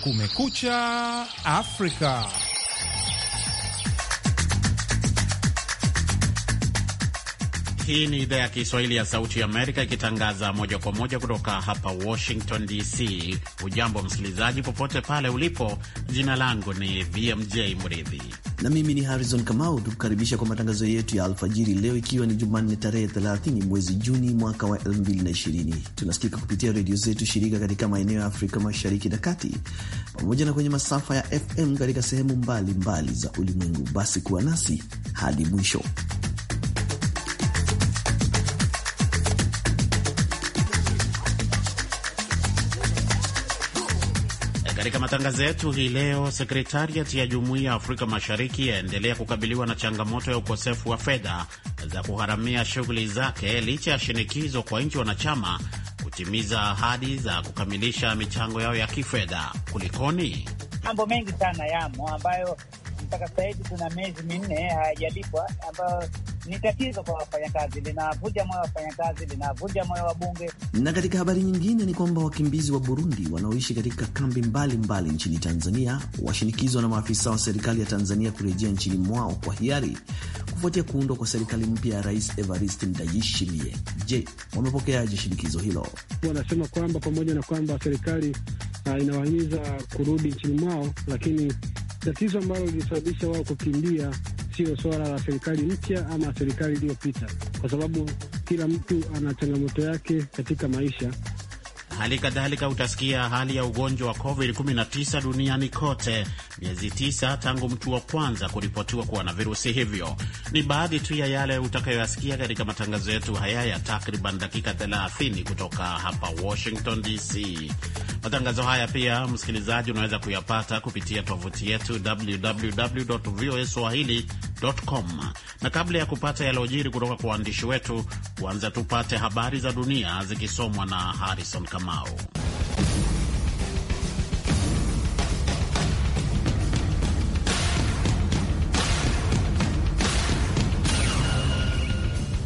Kumekucha Afrika. Hii ni idhaa ya Kiswahili ya Sauti ya Amerika ikitangaza moja kwa moja kutoka hapa Washington DC. Ujambo msikilizaji, popote pale ulipo. Jina langu ni BMJ Mridhi na mimi ni Harrison Kamau, tukukaribisha kwa matangazo yetu ya alfajiri leo, ikiwa ni Jumanne tarehe 30 mwezi Juni mwaka wa 2020. Tunasikika kupitia redio zetu shirika katika maeneo ya Afrika Mashariki na Kati, pamoja na kwenye masafa ya FM katika sehemu mbalimbali mbali za ulimwengu. Basi kuwa nasi hadi mwisho. Katika matangazo yetu hii leo, sekretariat ya Jumuiya ya Afrika Mashariki yaendelea kukabiliwa na changamoto ya ukosefu wa fedha za kuharamia shughuli zake licha ya shinikizo kwa nchi wanachama kutimiza ahadi za kukamilisha michango yao ya kifedha. Kulikoni? Mambo mengi sana yamo ambayo mpaka sasa hivi tuna miezi minne hayajalipwa ambayo ni tatizo kwa wafanyakazi, linavuja moyo wafanyakazi, linavuja moyo wa bunge. Na katika habari nyingine ni kwamba wakimbizi wa Burundi wanaoishi katika kambi mbalimbali mbali nchini Tanzania washinikizwa na maafisa wa serikali ya Tanzania kurejea nchini mwao kwa hiari kufuatia kuundwa kwa serikali mpya ya Rais Evariste Ndayishimiye. Je, wamepokeaje shinikizo hilo? Wanasema kwamba pamoja na kwamba serikali uh, inawahimiza kurudi nchini mwao, lakini Tatizo ambalo lilisababisha wao kukimbia sio swala la serikali mpya ama serikali iliyopita, kwa sababu kila mtu ana changamoto yake katika maisha. Hali kadhalika utasikia hali ya ugonjwa wa COVID-19 duniani kote, miezi tisa tangu mtu wa kwanza kuripotiwa kuwa na virusi hivyo. Ni baadhi tu ya yale utakayoyasikia katika matangazo yetu haya ya takriban dakika 30 kutoka hapa Washington DC. Matangazo haya pia, msikilizaji, unaweza kuyapata kupitia tovuti yetu www.voaswahili.com. Na kabla ya kupata yaliyojiri kutoka kwa waandishi wetu, kwanza tupate habari za dunia zikisomwa na Harrison Kamau.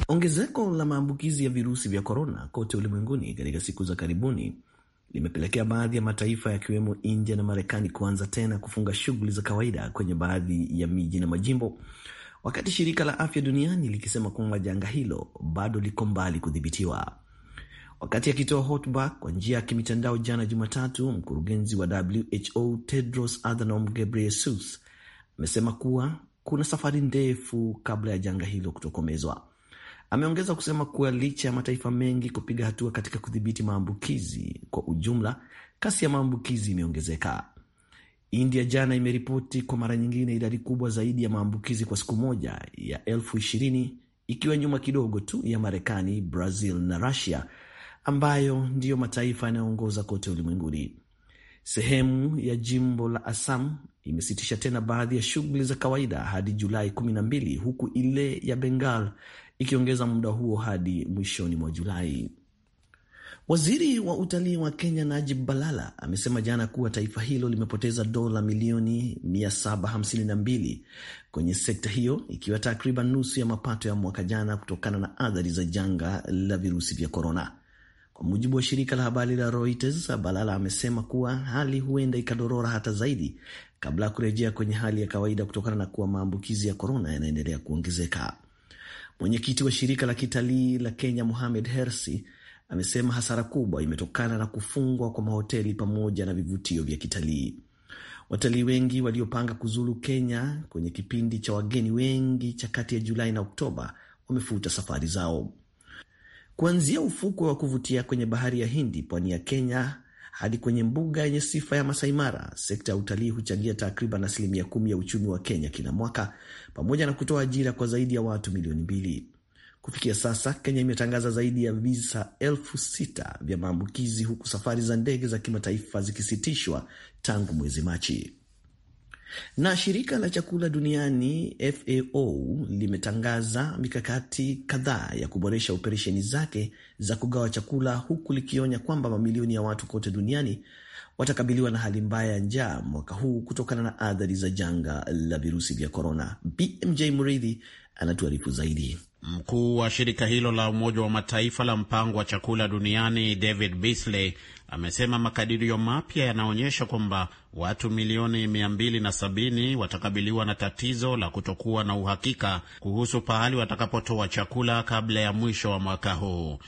Ongezeko la maambukizi ya virusi vya korona kote ulimwenguni katika siku za karibuni limepelekea baadhi ya mataifa yakiwemo India na Marekani kuanza tena kufunga shughuli za kawaida kwenye baadhi ya miji na majimbo, wakati shirika la afya duniani likisema kwamba janga hilo bado liko mbali kudhibitiwa. Wakati akitoa hotuba kwa njia ya kimitandao jana Jumatatu, mkurugenzi wa WHO Tedros Adhanom Ghebreyesus amesema kuwa kuna safari ndefu kabla ya janga hilo kutokomezwa. Ameongeza kusema kuwa licha ya mataifa mengi kupiga hatua katika kudhibiti maambukizi kwa ujumla, kasi ya maambukizi imeongezeka. India jana imeripoti kwa mara nyingine idadi kubwa zaidi ya maambukizi kwa siku moja ya elfu ishirini ikiwa nyuma kidogo tu ya Marekani, Brazil na Rusia ambayo ndiyo mataifa yanayoongoza kote ulimwenguni. Sehemu ya jimbo la Assam imesitisha tena baadhi ya shughuli za kawaida hadi Julai 12 huku ile ya Bengal ikiongeza muda huo hadi mwishoni mwa Julai. Waziri wa utalii wa Kenya Najib Balala amesema jana kuwa taifa hilo limepoteza dola milioni 752 kwenye sekta hiyo, ikiwa takriban nusu ya mapato ya mwaka jana kutokana na athari za janga la virusi vya korona. Kwa mujibu wa shirika la habari la Reuters, Balala amesema kuwa hali huenda ikadorora hata zaidi kabla ya kurejea kwenye hali ya kawaida kutokana na kuwa maambukizi ya korona yanaendelea kuongezeka. Mwenyekiti wa shirika la kitalii la Kenya Mohamed Hersi amesema hasara kubwa imetokana na kufungwa kwa mahoteli pamoja na vivutio vya kitalii. Watalii wengi waliopanga kuzuru Kenya kwenye kipindi cha wageni wengi cha kati ya Julai na Oktoba wamefuta safari zao. Kuanzia ufukwe wa kuvutia kwenye bahari ya Hindi, pwani ya Kenya hadi kwenye mbuga yenye sifa ya Masai Mara. Sekta ya utalii huchangia takriban asilimia kumi ya uchumi wa Kenya kila mwaka pamoja na kutoa ajira kwa zaidi ya watu milioni mbili. Kufikia sasa Kenya imetangaza zaidi ya visa elfu sita vya maambukizi huku safari za ndege za kimataifa zikisitishwa tangu mwezi Machi. Na shirika la chakula duniani FAO limetangaza mikakati kadhaa ya kuboresha operesheni zake za kugawa chakula, huku likionya kwamba mamilioni ya watu kote duniani watakabiliwa na hali mbaya ya njaa mwaka huu kutokana na athari za janga la virusi vya korona. BMJ Mridhi anatuarifu zaidi. Mkuu wa shirika hilo la Umoja wa Mataifa la mpango wa chakula duniani David Beasley amesema makadirio mapya yanaonyesha kwamba watu milioni 270 watakabiliwa na tatizo la kutokuwa na uhakika kuhusu pahali watakapotoa chakula kabla ya mwisho wa mwaka huu.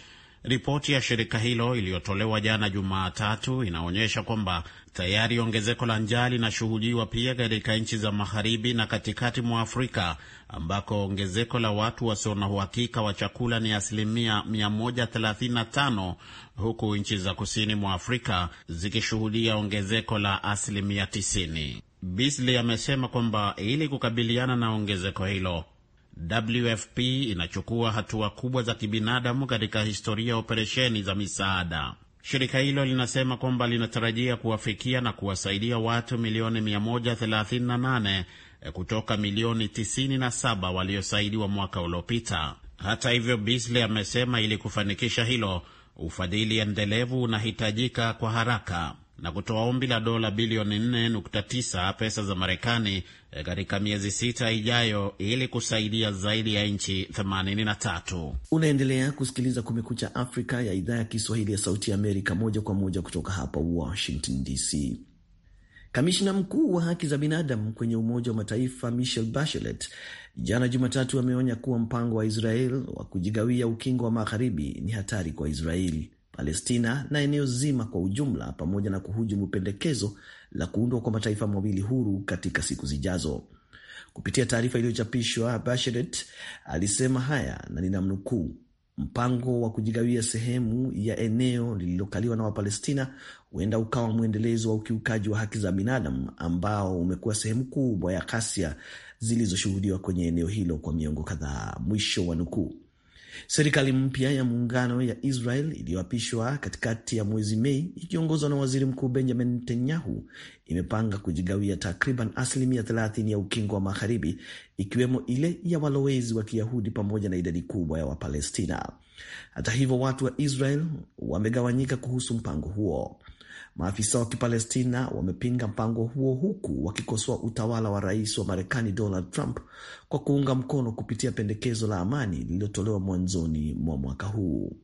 Ripoti ya shirika hilo iliyotolewa jana Jumatatu inaonyesha kwamba tayari ongezeko la njaa linashuhudiwa pia katika nchi za magharibi na katikati mwa Afrika ambako ongezeko la watu wasio na uhakika wa chakula ni asilimia 135 huku nchi za kusini mwa Afrika zikishuhudia ongezeko la asilimia 90. Beasley amesema kwamba ili kukabiliana na ongezeko hilo WFP inachukua hatua kubwa za kibinadamu katika historia ya operesheni za misaada. Shirika hilo linasema kwamba linatarajia kuwafikia na kuwasaidia watu milioni 138 eh, kutoka milioni 97 waliosaidiwa mwaka uliopita. Hata hivyo, Beasley amesema ili kufanikisha hilo, ufadhili endelevu unahitajika kwa haraka na kutoa ombi la dola bilioni 4.9 pesa za Marekani eh, katika miezi sita ijayo ili kusaidia zaidi ya nchi 83. Unaendelea kusikiliza Kumekucha Afrika ya idhaa ya Kiswahili ya Sauti ya Amerika, moja kwa moja kutoka hapa Washington DC. Kamishna mkuu wa haki za binadamu kwenye Umoja wa Mataifa Michelle Bachelet jana Jumatatu ameonya kuwa mpango wa Israel wa kujigawia ukingo wa magharibi ni hatari kwa Israeli. Palestina na eneo zima kwa ujumla, pamoja na kuhujumu pendekezo la kuundwa kwa mataifa mawili huru katika siku zijazo. Kupitia taarifa iliyochapishwa, Bachelet alisema haya na ninamnukuu: Mpango wa kujigawia sehemu ya eneo lililokaliwa na Wapalestina huenda ukawa mwendelezo wa ukiukaji wa haki za binadamu ambao umekuwa sehemu kubwa ya ghasia zilizoshuhudiwa kwenye eneo hilo kwa miongo kadhaa. Mwisho wa nukuu. Serikali mpya ya muungano ya Israel iliyoapishwa katikati ya mwezi Mei ikiongozwa na waziri mkuu Benjamin Netanyahu imepanga kujigawia takriban asilimia 30 ya ukingo wa magharibi ikiwemo ile ya walowezi wa Kiyahudi pamoja na idadi kubwa ya Wapalestina. Hata hivyo, watu wa Israel wamegawanyika kuhusu mpango huo. Maafisa wa Kipalestina wamepinga mpango huo huku wakikosoa utawala wa rais wa Marekani Donald Trump kwa kuunga mkono kupitia pendekezo la amani lililotolewa mwanzoni mwa mwaka huu.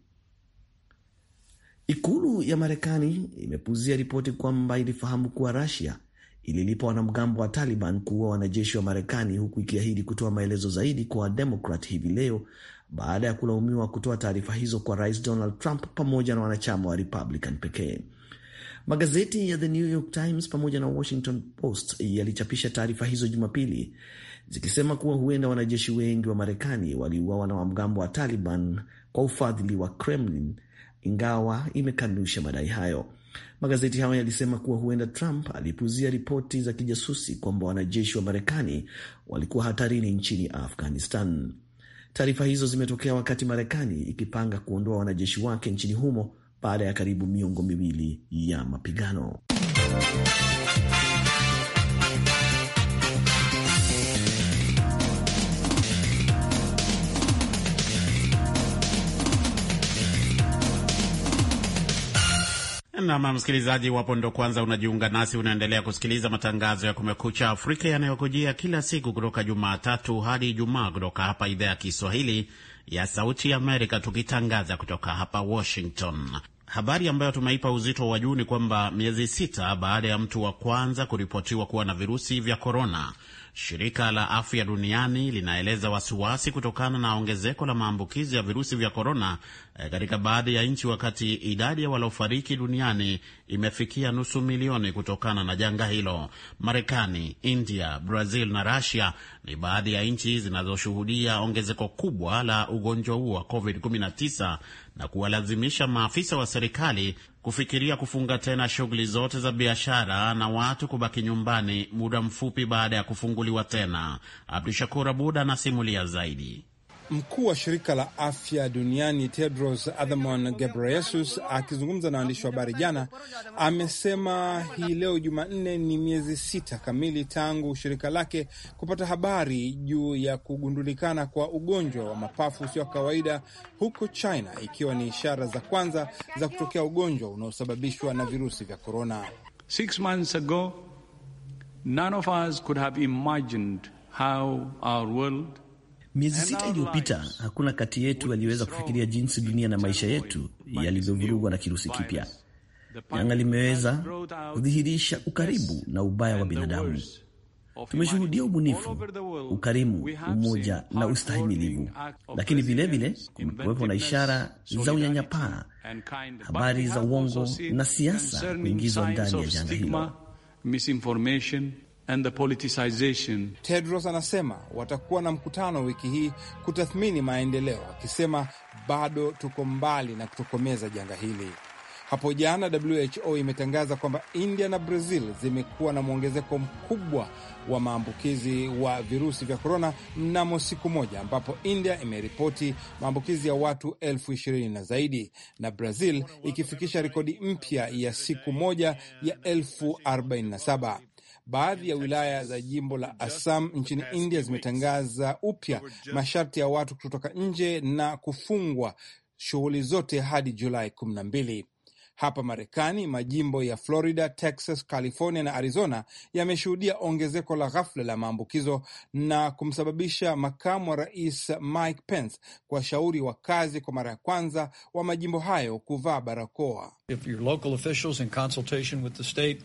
Ikulu ya Marekani imepuzia ripoti kwamba ilifahamu kuwa rasia ililipa wanamgambo wa Taliban kuua wanajeshi wa Marekani, huku ikiahidi kutoa maelezo zaidi kwa Wademokrat hivi leo baada ya kulaumiwa kutoa taarifa hizo kwa Rais Donald Trump pamoja na wanachama wa Republican pekee. Magazeti ya The New York Times pamoja na Washington Post yalichapisha taarifa hizo Jumapili zikisema kuwa huenda wanajeshi wengi wa Marekani waliuawa na wamgambo wa Taliban kwa ufadhili wa Kremlin, ingawa imekanusha madai hayo. Magazeti hayo yalisema kuwa huenda Trump alipuzia ripoti za kijasusi kwamba wanajeshi wa Marekani walikuwa hatarini nchini Afghanistan. Taarifa hizo zimetokea wakati Marekani ikipanga kuondoa wanajeshi wake nchini humo baada ya karibu miongo miwili ya mapigano. Nam msikilizaji, iwapo ndo kwanza unajiunga nasi, unaendelea kusikiliza matangazo ya Kumekucha Afrika yanayokujia kila siku kutoka Jumatatu hadi Ijumaa kutoka hapa idhaa ya Kiswahili ya Sauti ya Amerika, tukitangaza kutoka hapa Washington. Habari ambayo tumeipa uzito wa juu ni kwamba miezi sita baada ya mtu wa kwanza kuripotiwa kuwa na virusi vya korona, shirika la afya duniani linaeleza wasiwasi kutokana na ongezeko la maambukizi ya virusi vya korona eh, katika baadhi ya nchi, wakati idadi ya waliofariki duniani imefikia nusu milioni kutokana na janga hilo. Marekani, India, Brazil na Russia ni baadhi ya nchi zinazoshuhudia ongezeko kubwa la ugonjwa huo wa COVID-19 na kuwalazimisha maafisa wa serikali kufikiria kufunga tena shughuli zote za biashara na watu kubaki nyumbani muda mfupi baada ya kufunguliwa tena. Abdu Shakur Abud anasimulia zaidi. Mkuu wa shirika la afya duniani Tedros Adhanom Ghebreyesus akizungumza na waandishi wa habari jana, amesema hii leo Jumanne ni miezi sita kamili tangu shirika lake kupata habari juu ya kugundulikana kwa ugonjwa wa mapafu usio wa kawaida huko China, ikiwa ni ishara za kwanza za kutokea ugonjwa unaosababishwa na virusi vya korona. Six months ago none of us could have imagined how our world Miezi sita iliyopita hakuna kati yetu aliyeweza kufikiria jinsi dunia na maisha yetu yalivyovurugwa na kirusi kipya. Janga limeweza kudhihirisha ukaribu na ubaya wa binadamu. Tumeshuhudia ubunifu, ukarimu, umoja na ustahimilivu, lakini vilevile kumekuwepo na ishara za unyanyapaa, habari za uongo na siasa kuingizwa ndani ya janga hilo and the politicization. Tedros anasema watakuwa na mkutano wiki hii kutathmini maendeleo, akisema bado tuko mbali na kutokomeza janga hili. Hapo jana WHO imetangaza kwamba India na Brazil zimekuwa na mwongezeko mkubwa wa maambukizi wa virusi vya korona mnamo siku moja, ambapo India imeripoti maambukizi ya watu elfu ishirini na zaidi na Brazil ikifikisha rekodi mpya ya siku moja ya elfu arobaini na saba. Baadhi ya wilaya za jimbo la Assam nchini India zimetangaza upya masharti ya watu kutotoka nje na kufungwa shughuli zote hadi Julai kumi na mbili. Hapa Marekani, majimbo ya Florida, Texas, California na Arizona yameshuhudia ongezeko la ghafla la maambukizo na kumsababisha makamu wa rais Mike Pence kuwashauri wakazi kwa mara ya kwanza wa majimbo hayo kuvaa barakoa.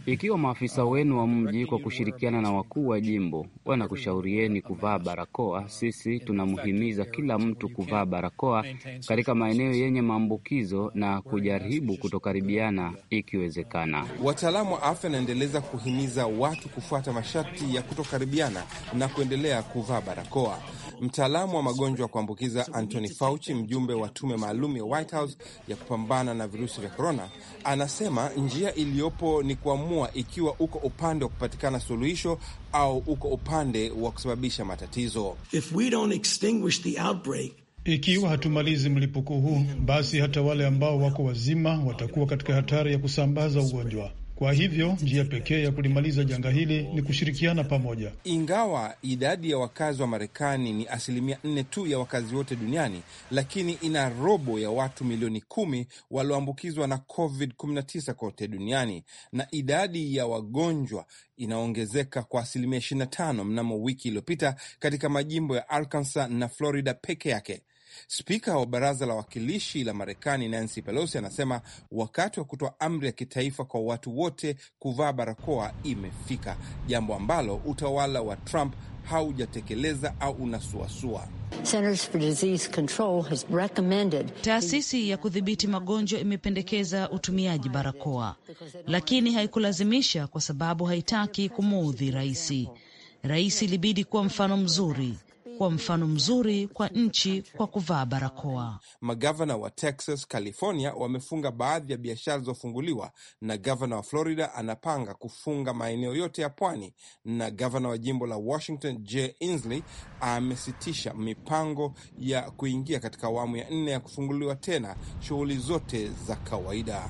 Ikiwa maafisa wenu wa mji kwa kushirikiana na wakuu wa jimbo wanakushaurieni kuvaa barakoa, sisi tunamhimiza kila mtu kuvaa barakoa katika maeneo yenye maambukizo na kujaribu kutoka kukaribiana ikiwezekana. Wataalamu wa afya wanaendeleza kuhimiza watu kufuata masharti ya kutokaribiana na kuendelea kuvaa barakoa. Mtaalamu wa magonjwa ya kuambukiza Anthony Fauci, mjumbe wa tume maalum ya White House ya kupambana na virusi vya korona, anasema njia iliyopo ni kuamua ikiwa uko upande wa kupatikana suluhisho au uko upande wa kusababisha matatizo. If we don't extinguish the outbreak ikiwa hatumalizi mlipuko huu, basi hata wale ambao wako wazima watakuwa katika hatari ya kusambaza ugonjwa. Kwa hivyo njia pekee ya kulimaliza janga hili ni kushirikiana pamoja. Ingawa idadi ya wakazi wa Marekani ni asilimia nne tu ya wakazi wote duniani, lakini ina robo ya watu milioni kumi walioambukizwa na COVID-19 kote duniani, na idadi ya wagonjwa inaongezeka kwa asilimia 25 mnamo wiki iliyopita katika majimbo ya Arkansas na Florida peke yake. Spika wa Baraza la Wawakilishi la Marekani Nancy Pelosi anasema wakati wa kutoa amri ya kitaifa kwa watu wote kuvaa barakoa imefika, jambo ambalo utawala wa Trump haujatekeleza au unasuasua. Taasisi ya kudhibiti magonjwa imependekeza utumiaji barakoa, lakini haikulazimisha kwa sababu haitaki kumuudhi raisi. Rais ilibidi kuwa mfano mzuri kuwa mfano mzuri kwa nchi kwa kuvaa barakoa. Magavana wa Texas, California wamefunga baadhi ya biashara zilizofunguliwa, na gavana wa Florida anapanga kufunga maeneo yote ya pwani, na gavana wa jimbo la Washington Jay Inslee amesitisha mipango ya kuingia katika awamu ya nne ya kufunguliwa tena shughuli zote za kawaida.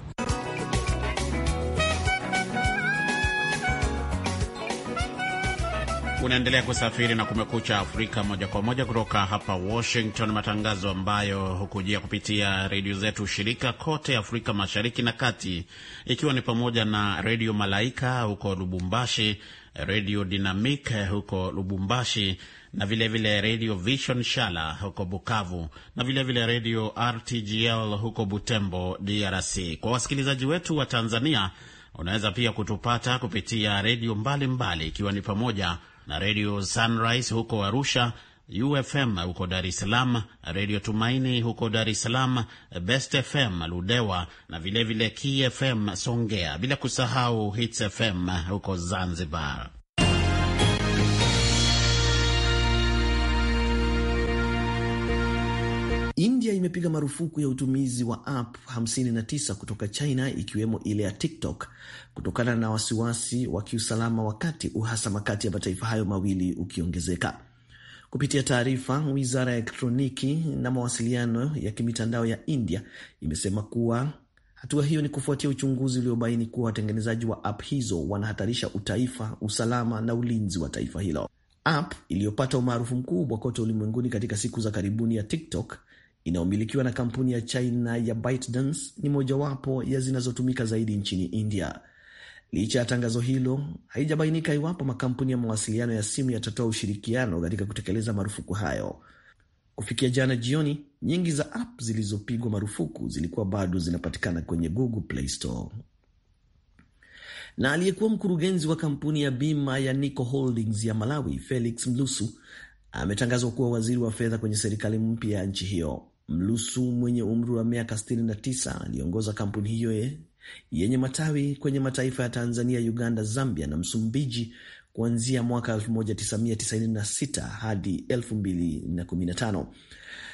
Unaendelea kusafiri na Kumekucha Afrika moja kwa moja kutoka hapa Washington, matangazo ambayo hukujia kupitia redio zetu shirika kote Afrika Mashariki na Kati, ikiwa ni pamoja na Redio Malaika huko Lubumbashi, Redio Dynamic huko Lubumbashi, na vilevile Redio Vision Shala huko Bukavu na vilevile Redio RTGL huko Butembo, DRC. Kwa wasikilizaji wetu wa Tanzania, unaweza pia kutupata kupitia redio mbalimbali, ikiwa ni pamoja na redio Sunrise huko Arusha, UFM huko Dar es Salaam, redio Tumaini huko Dar es Salaam, Best FM Ludewa na vilevile KFM Songea, bila kusahau Hits FM huko Zanzibar. India imepiga marufuku ya utumizi wa app 59 kutoka China ikiwemo ile ya TikTok kutokana na wasiwasi wa kiusalama, wakati uhasama kati ya mataifa hayo mawili ukiongezeka. Kupitia taarifa, wizara ya elektroniki na mawasiliano ya kimitandao ya India imesema kuwa hatua hiyo ni kufuatia uchunguzi uliobaini kuwa watengenezaji wa app hizo wanahatarisha utaifa, usalama na ulinzi wa taifa hilo. App iliyopata umaarufu mkubwa kote ulimwenguni katika siku za karibuni ya TikTok inayomilikiwa na kampuni ya China ya ByteDance ni mojawapo ya zinazotumika zaidi nchini India. Licha ya tangazo hilo, haijabainika iwapo makampuni ya mawasiliano ya simu yatatoa ushirikiano katika kutekeleza marufuku hayo. Kufikia jana jioni, nyingi za app zilizopigwa marufuku zilikuwa bado zinapatikana kwenye Google Play Store. Na aliyekuwa mkurugenzi wa kampuni ya bima ya Nico Holdings ya Malawi, Felix Mlusu, ametangazwa kuwa waziri wa fedha kwenye serikali mpya ya nchi hiyo. Mlusu mwenye umri wa miaka 69 aliongoza kampuni hiyo ye, eh, yenye matawi kwenye mataifa ya Tanzania, Uganda, Zambia na Msumbiji kuanzia mwaka 1996 hadi 2015.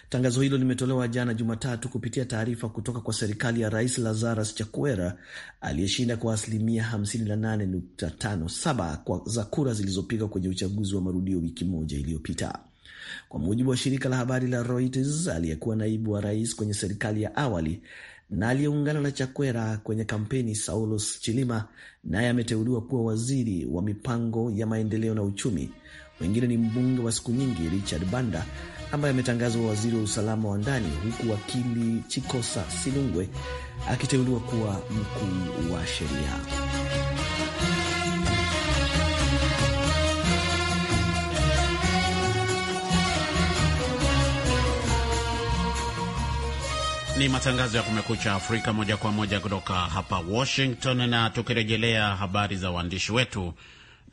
Tangazo hilo limetolewa jana Jumatatu kupitia taarifa kutoka kwa serikali ya Rais Lazarus Chakwera aliyeshinda kwa asilimia 58.57 za kura zilizopigwa kwenye uchaguzi wa marudio wiki moja iliyopita. Kwa mujibu wa shirika la habari la Reuters, aliyekuwa naibu wa rais kwenye serikali ya awali na aliyeungana na Chakwera kwenye kampeni, Saulos Chilima, naye ameteuliwa kuwa waziri wa mipango ya maendeleo na uchumi. Wengine ni mbunge wa siku nyingi Richard Banda ambaye ametangazwa waziri wa usalama wa ndani, huku wakili Chikosa Silungwe akiteuliwa kuwa mkuu wa sheria. ni matangazo ya Kumekucha Afrika moja kwa moja kutoka hapa Washington. Na tukirejelea habari za waandishi wetu,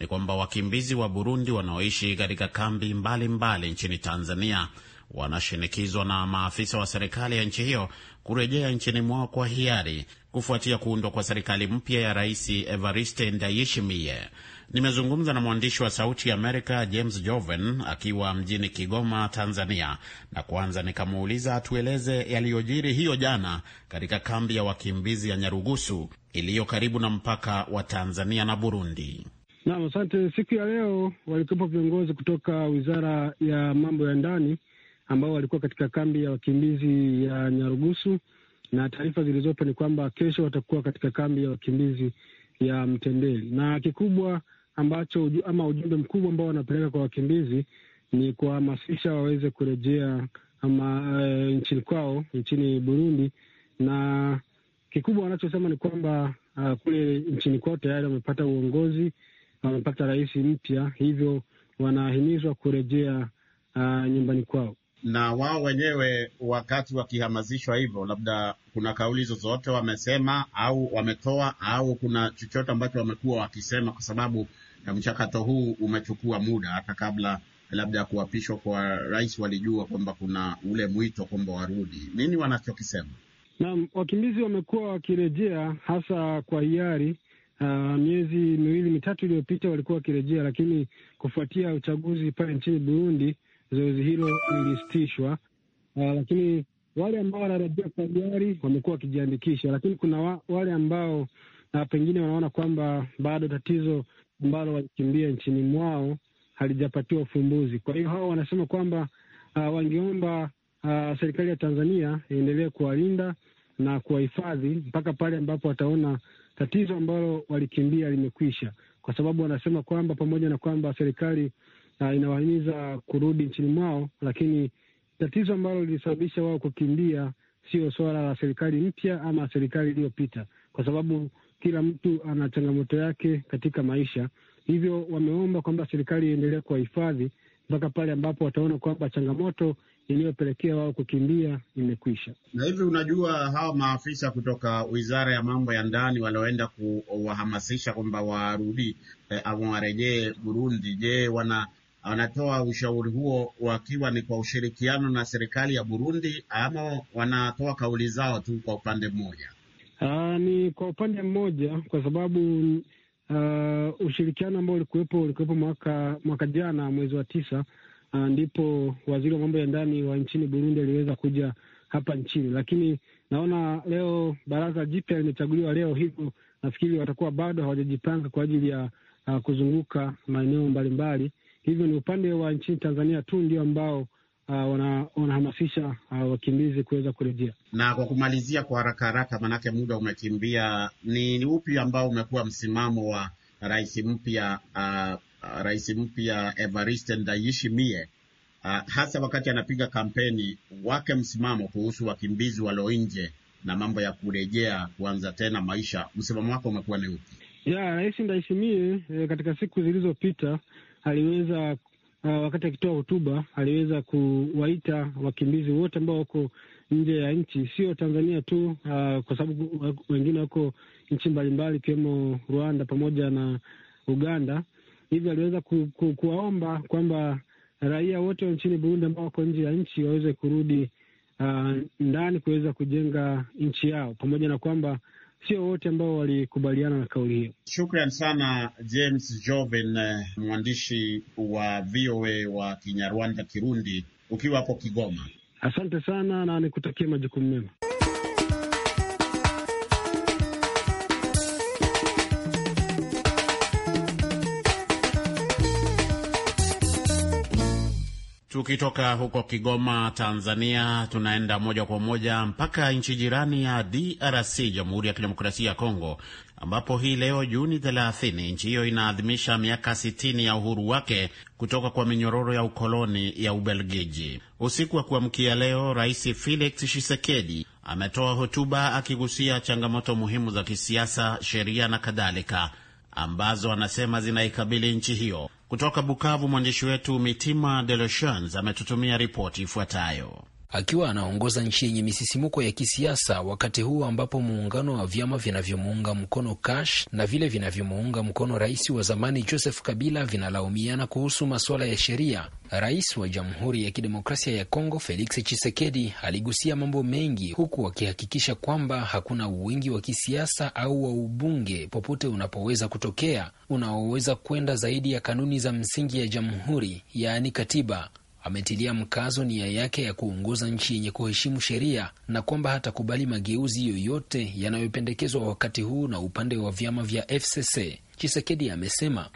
ni kwamba wakimbizi wa Burundi wanaoishi katika kambi mbalimbali mbali nchini Tanzania wanashinikizwa na maafisa wa serikali ya nchi hiyo kurejea nchini mwao kwa hiari kufuatia kuundwa kwa serikali mpya ya Rais Evariste Ndayishimiye. Nimezungumza na mwandishi wa Sauti ya Amerika James Joven akiwa mjini Kigoma, Tanzania, na kwanza nikamuuliza atueleze yaliyojiri hiyo jana katika kambi ya wakimbizi ya Nyarugusu iliyo karibu na mpaka wa Tanzania na Burundi. Naam, asante. Siku ya leo walikuwepo viongozi kutoka Wizara ya Mambo ya Ndani ambao walikuwa katika kambi ya wakimbizi ya Nyarugusu, na taarifa zilizopo ni kwamba kesho watakuwa katika kambi ya wakimbizi ya Mtendeli, na kikubwa ambacho ama ujumbe mkubwa ambao wanapeleka kwa wakimbizi ni kuwahamasisha waweze kurejea ama e, nchini kwao nchini Burundi, na kikubwa wanachosema ni kwamba uh, kule nchini kwao tayari wamepata uongozi, wamepata rais mpya, hivyo wanahimizwa kurejea uh, nyumbani kwao. Na wao wenyewe wakati wakihamasishwa hivyo, labda kuna kauli zozote wamesema au wametoa au kuna chochote ambacho wamekuwa wakisema, kwa sababu mchakato huu umechukua muda, hata kabla labda ya kuapishwa kwa rais walijua kwamba kuna ule mwito kwamba warudi. Nini wanachokisema? Naam, wakimbizi wamekuwa wakirejea hasa kwa hiari. Uh, miezi miwili mitatu iliyopita walikuwa wakirejea, lakini kufuatia uchaguzi pale nchini Burundi zoezi hilo lilisitishwa. Uh, ah, lakini wale ambao wanarejea kwa hiari wamekuwa wakijiandikisha, lakini kuna wa, wale ambao uh, pengine wanaona kwamba bado tatizo ambalo walikimbia nchini mwao halijapatiwa ufumbuzi. Kwa hiyo hao wanasema kwamba uh, wangeomba uh, serikali ya Tanzania iendelee kuwalinda na kuwahifadhi mpaka pale ambapo wataona tatizo ambalo walikimbia limekwisha, kwa sababu wanasema kwamba pamoja na kwamba serikali uh, inawahimiza kurudi nchini mwao, lakini tatizo ambalo lilisababisha wao kukimbia sio suala la serikali mpya ama serikali iliyopita, kwa sababu kila mtu ana changamoto yake katika maisha, hivyo wameomba kwamba serikali iendelee kuwahifadhi mpaka pale ambapo wataona kwamba changamoto iliyopelekea wao kukimbia imekwisha. Na hivi, unajua hawa maafisa kutoka wizara ya mambo ya ndani walioenda kuwahamasisha kwamba warudi eh, ama warejee Burundi, je, wana wanatoa ushauri huo wakiwa ni kwa ushirikiano na serikali ya Burundi ama wanatoa kauli zao tu kwa upande mmoja? Aa, ah, ni kwa upande mmoja kwa sababu uh, ushirikiano ambao ulikuwepo ulikuwepo mwaka mwaka jana mwezi wa tisa, uh, ndipo waziri wa mambo ya ndani wa nchini Burundi aliweza kuja hapa nchini, lakini naona leo baraza jipya limechaguliwa leo, hivyo nafikiri watakuwa bado hawajajipanga kwa ajili ya uh, kuzunguka maeneo mbalimbali. Hivyo ni upande wa nchini Tanzania tu ndio ambao Ah, wanahamasisha wana ah, wakimbizi kuweza kurejea. Na kwa kumalizia kwa haraka haraka, manake muda umekimbia, ni, ni upi ambao umekuwa msimamo wa rais mpya uh, rais mpya Evariste Ndayishimiye uh, hasa wakati anapiga kampeni wake, msimamo kuhusu wakimbizi walio nje na mambo ya kurejea kuanza tena maisha, msimamo wako umekuwa ni upi? Ya rais Ndayishimiye eh, katika siku zilizopita aliweza uh, wakati akitoa hotuba aliweza kuwaita wakimbizi wote ambao wako nje ya nchi, sio Tanzania tu uh, kwa sababu wengine wako nchi mbalimbali ikiwemo Rwanda pamoja na Uganda. Hivyo aliweza ku, ku, kuwaomba kwamba raia wote wa nchini Burundi ambao wako nje ya nchi waweze kurudi uh, ndani kuweza kujenga nchi yao, pamoja na kwamba sio wote ambao walikubaliana na kauli hiyo. Shukran sana James Joven, eh, mwandishi wa VOA wa Kinyarwanda Kirundi, ukiwa hapo Kigoma. Asante sana na nikutakie majukumu mema. Tukitoka huko Kigoma, Tanzania, tunaenda moja kwa moja mpaka nchi jirani ya DRC, Jamhuri ya Kidemokrasia ya Kongo, ambapo hii leo Juni 30 nchi hiyo inaadhimisha miaka 60 ya uhuru wake kutoka kwa minyororo ya ukoloni ya Ubelgiji. Usiku wa kuamkia leo, Rais Felix Tshisekedi ametoa hotuba akigusia changamoto muhimu za kisiasa, sheria na kadhalika ambazo anasema zinaikabili nchi hiyo kutoka Bukavu, mwandishi wetu Mitima De Lechans ametutumia ripoti ifuatayo akiwa anaongoza nchi yenye misisimuko ya kisiasa wakati huu ambapo muungano wa vyama vinavyomuunga mkono Kash na vile vinavyomuunga mkono rais wa zamani Joseph Kabila vinalaumiana kuhusu masuala ya sheria. Rais wa Jamhuri ya Kidemokrasia ya Kongo Felix Tshisekedi aligusia mambo mengi, huku akihakikisha kwamba hakuna uwingi wa kisiasa au wa ubunge popote unapoweza kutokea unaoweza kwenda zaidi ya kanuni za msingi ya jamhuri, yaani katiba ametilia mkazo nia yake ya kuongoza nchi yenye kuheshimu sheria na kwamba hatakubali mageuzi yoyote yanayopendekezwa wakati huu na upande wa vyama vya FCC. Chisekedi amesema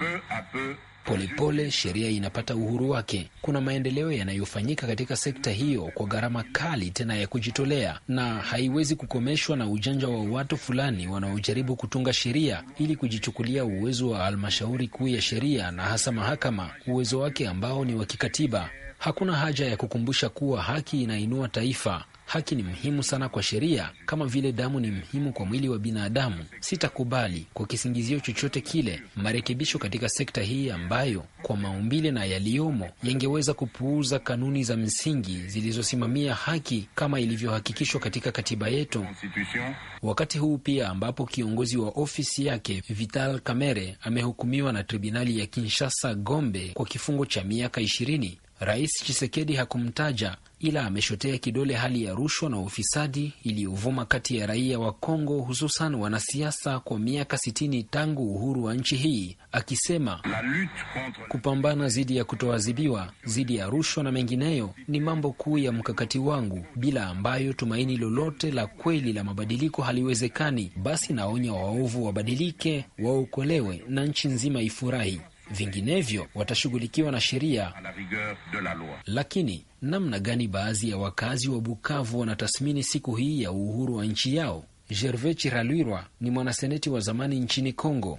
polepole sheria inapata uhuru wake. Kuna maendeleo yanayofanyika katika sekta hiyo kwa gharama kali tena ya kujitolea, na haiwezi kukomeshwa na ujanja wa watu fulani wanaojaribu kutunga sheria ili kujichukulia uwezo wa halmashauri kuu ya sheria na hasa mahakama, uwezo wake ambao ni wa kikatiba Hakuna haja ya kukumbusha kuwa haki inainua taifa. Haki ni muhimu sana kwa sheria, kama vile damu ni muhimu kwa mwili wa binadamu. Sitakubali kwa kisingizio chochote kile marekebisho katika sekta hii ambayo kwa maumbile na yaliyomo yangeweza kupuuza kanuni za msingi zilizosimamia haki kama ilivyohakikishwa katika katiba yetu. Wakati huu pia ambapo kiongozi wa ofisi yake Vital Kamerhe amehukumiwa na tribunali ya Kinshasa Gombe kwa kifungo cha miaka ishirini Rais chisekedi hakumtaja ila ameshotea kidole hali ya rushwa na ufisadi iliyovuma kati ya raia wa Kongo hususan wanasiasa kwa miaka sitini tangu uhuru wa nchi hii, akisema kupambana dhidi ya kutoadhibiwa, dhidi ya rushwa na mengineyo ni mambo kuu ya mkakati wangu, bila ambayo tumaini lolote la kweli la mabadiliko haliwezekani. Basi naonya waovu wabadilike, waokolewe na nchi nzima ifurahi vinginevyo watashughulikiwa na sheria. Lakini namna gani baadhi ya wakazi wa Bukavu wanatathmini siku hii ya uhuru wa nchi yao? Gervais chiralwirwa ni mwanaseneti wa zamani nchini Kongo.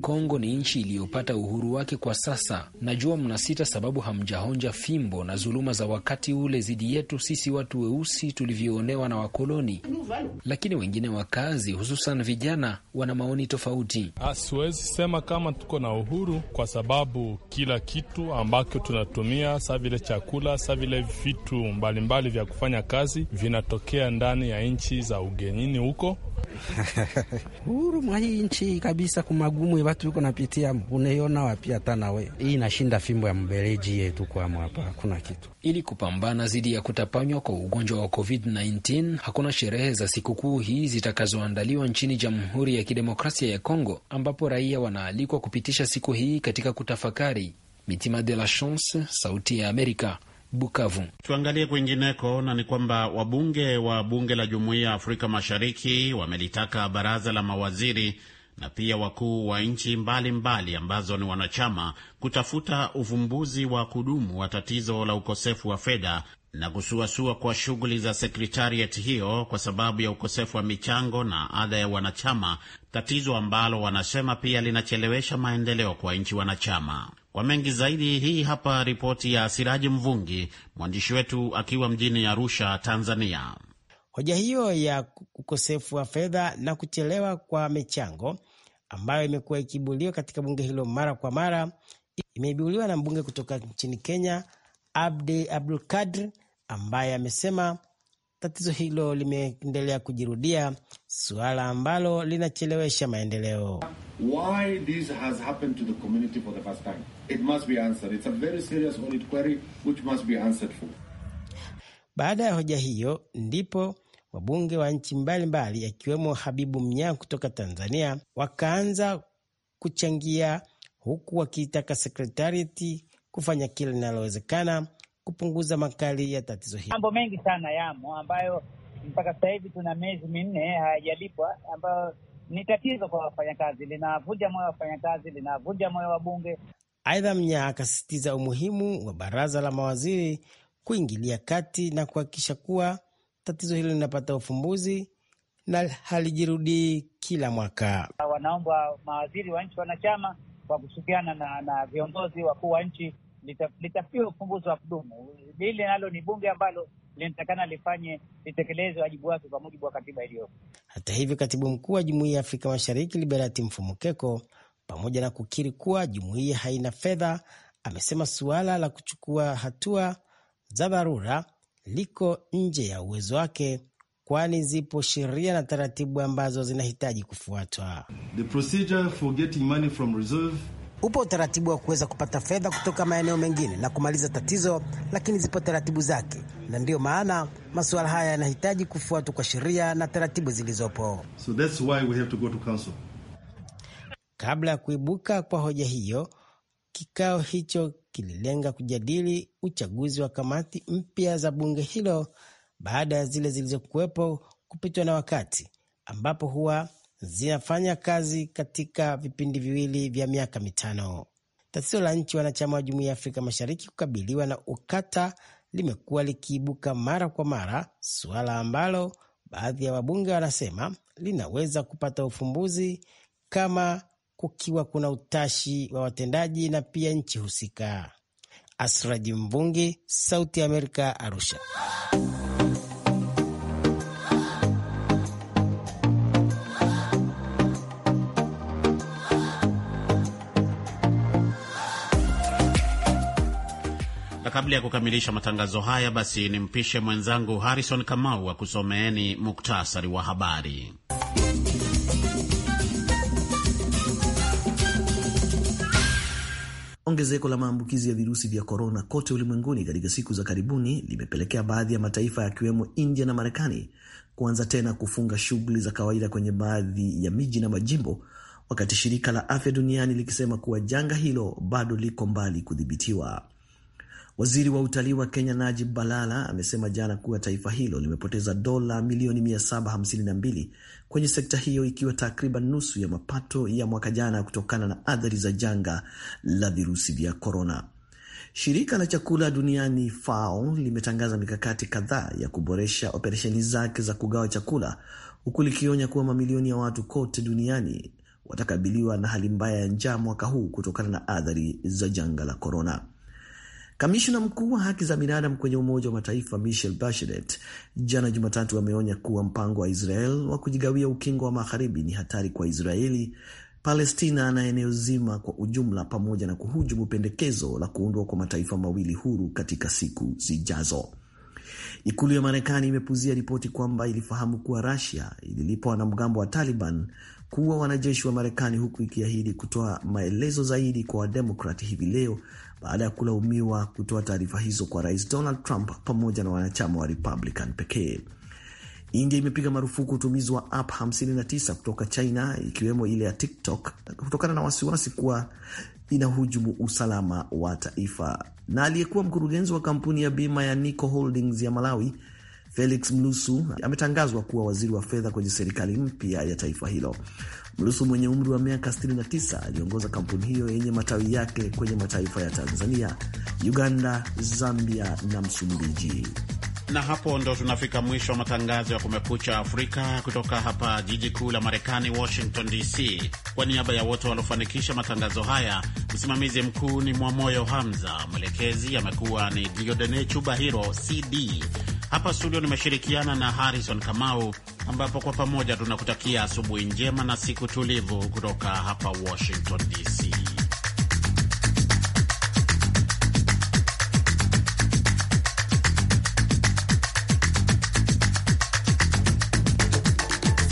Kongo ni nchi iliyopata uhuru wake kwa sasa. Najua mnasita sababu hamjahonja fimbo na zuluma za wakati ule dhidi yetu sisi watu weusi tulivyoonewa na wakoloni, lakini wengine wakazi, hususan vijana, wana maoni tofauti. Ah, siwezi sema kama tuko na uhuru kwa sababu kila kitu ambacho tunatumia sa vile chakula sa vile vitu mbalimbali vya kufanya kazi vinatokea ndani ya nchi za uge ugenini huko huru mwa hii nchi kabisa, kumagumu watu yuko napitia, unaiona wapi? Hata nawe hii inashinda fimbo ya mbeleji yetu kwa hapa, hakuna kitu. Ili kupambana dhidi ya kutapanywa kwa ugonjwa wa COVID-19, hakuna sherehe za sikukuu hii zitakazoandaliwa nchini Jamhuri ya Kidemokrasia ya Kongo, ambapo raia wanaalikwa kupitisha siku hii katika kutafakari. Mitima de la Chance, Sauti ya Amerika, Bukavu. Tuangalie kwingineko, na ni kwamba wabunge wa bunge la jumuiya ya Afrika Mashariki wamelitaka baraza la mawaziri na pia wakuu wa nchi mbalimbali ambazo ni wanachama kutafuta uvumbuzi wa kudumu wa tatizo la ukosefu wa fedha na kusuasua kwa shughuli za sekretariat hiyo kwa sababu ya ukosefu wa michango na adha ya wanachama, tatizo ambalo wanasema pia linachelewesha maendeleo kwa nchi wanachama. Kwa mengi zaidi, hii hapa ripoti ya Siraji Mvungi, mwandishi wetu akiwa mjini Arusha, Tanzania. Hoja hiyo ya ukosefu wa fedha na kuchelewa kwa michango ambayo imekuwa ikibuliwa katika bunge hilo mara kwa mara imeibuliwa na mbunge kutoka nchini Kenya Abdi Abdul Kadr ambaye amesema tatizo hilo limeendelea kujirudia, suala ambalo linachelewesha maendeleo. Baada ya hoja hiyo ndipo wabunge wa nchi mbalimbali akiwemo Habibu mnya kutoka Tanzania wakaanza kuchangia, huku wakiitaka sekretarieti kufanya kila linalowezekana kupunguza makali ya tatizo hili. Mambo mengi sana yamo ambayo mpaka sasa hivi tuna miezi minne hayajalipwa, ambayo ni tatizo kwa wafanyakazi, linavunja moyo wafanyakazi, linavunja moyo wabunge. Aidha, Mnyaa akasisitiza umuhimu wa baraza la mawaziri kuingilia kati na kuhakikisha kuwa tatizo hilo linapata ufumbuzi na halijirudii kila mwaka. Wanaomba mawaziri wa nchi wanachama kwa kushirikiana na, na viongozi wakuu wa nchi litafikiwa ufumbuzi wa kudumu. Lile nalo ni bunge ambalo linatakana lifanye litekeleze wajibu wake kwa mujibu wa katiba iliyopo. Hata hivyo, katibu mkuu wa jumuiya ya Afrika Mashariki Liberati Mfumukeko, pamoja na kukiri kuwa jumuiya haina fedha, amesema suala la kuchukua hatua za dharura liko nje ya uwezo wake, kwani zipo sheria na taratibu ambazo zinahitaji kufuatwa. Upo utaratibu wa kuweza kupata fedha kutoka maeneo mengine na kumaliza tatizo, lakini zipo taratibu zake, na ndiyo maana masuala haya yanahitaji kufuatwa kwa sheria na taratibu zilizopo. So that's why we have to go to council. Kabla ya kuibuka kwa hoja hiyo Kikao hicho kililenga kujadili uchaguzi wa kamati mpya za bunge hilo baada ya zile zilizokuwepo kupitwa na wakati, ambapo huwa zinafanya kazi katika vipindi viwili vya miaka mitano. Tatizo la nchi wanachama wa Jumuiya ya Afrika Mashariki kukabiliwa na ukata limekuwa likiibuka mara kwa mara, suala ambalo baadhi ya wabunge wanasema linaweza kupata ufumbuzi kama kukiwa kuna utashi wa watendaji na pia nchi husika. Asraji Mvungi, Sauti ya Amerika, Arusha. Kabla ya kukamilisha matangazo haya basi, nimpishe mwenzangu Harrison Kamau akusomeeni muktasari wa habari. Ongezeko la maambukizi ya virusi vya korona kote ulimwenguni katika siku za karibuni limepelekea baadhi ya mataifa yakiwemo India na Marekani kuanza tena kufunga shughuli za kawaida kwenye baadhi ya miji na majimbo, wakati shirika la afya duniani likisema kuwa janga hilo bado liko mbali kudhibitiwa. Waziri wa utalii wa Kenya Najib Balala amesema jana kuwa taifa hilo limepoteza dola milioni 752 kwenye sekta hiyo, ikiwa takriban nusu ya mapato ya mwaka jana kutokana na athari za janga la virusi vya korona. Shirika la chakula duniani FAO limetangaza mikakati kadhaa ya kuboresha operesheni zake za kugawa chakula, huku likionya kuwa mamilioni ya watu kote duniani watakabiliwa na hali mbaya ya njaa mwaka huu kutokana na athari za janga la korona. Kamishna mkuu wa haki za binadamu kwenye Umoja wa Mataifa michel Bachelet jana Jumatatu ameonya kuwa mpango wa Israel wa kujigawia ukingo wa magharibi ni hatari kwa Israeli, Palestina na eneo zima kwa ujumla, pamoja na kuhujumu pendekezo la kuundwa kwa mataifa mawili huru katika siku zijazo. Ikulu ya Marekani imepuzia ripoti kwamba ilifahamu kuwa rasia ililipa wanamgambo wa Taliban kuwa wanajeshi wa Marekani, huku ikiahidi kutoa maelezo zaidi kwa Wademokrat hivi leo baada ya kulaumiwa kutoa taarifa hizo kwa Rais Donald Trump pamoja na wanachama wa Republican pekee. India imepiga marufuku utumizi wa app 59 kutoka China ikiwemo ile ya TikTok kutokana na wasiwasi kuwa inahujumu usalama wa taifa. Na aliyekuwa mkurugenzi wa kampuni ya bima ya Nico Holdings ya Malawi Felix Mlusu ametangazwa kuwa waziri wa fedha kwenye serikali mpya ya taifa hilo. Mlusu mwenye umri wa miaka 69 aliongoza kampuni hiyo yenye matawi yake kwenye mataifa ya Tanzania, Uganda, Zambia na Msumbiji. Na hapo ndo tunafika mwisho wa matangazo ya Kumekucha Afrika kutoka hapa jiji kuu la Marekani, Washington DC. Kwa niaba ya wote waliofanikisha matangazo haya, msimamizi mkuu ni Mwamoyo Hamza, mwelekezi amekuwa ni Diodene Chubahiro CD. Hapa studio nimeshirikiana na Harrison Kamau, ambapo kwa pamoja tunakutakia asubuhi njema na siku tulivu kutoka hapa Washington DC.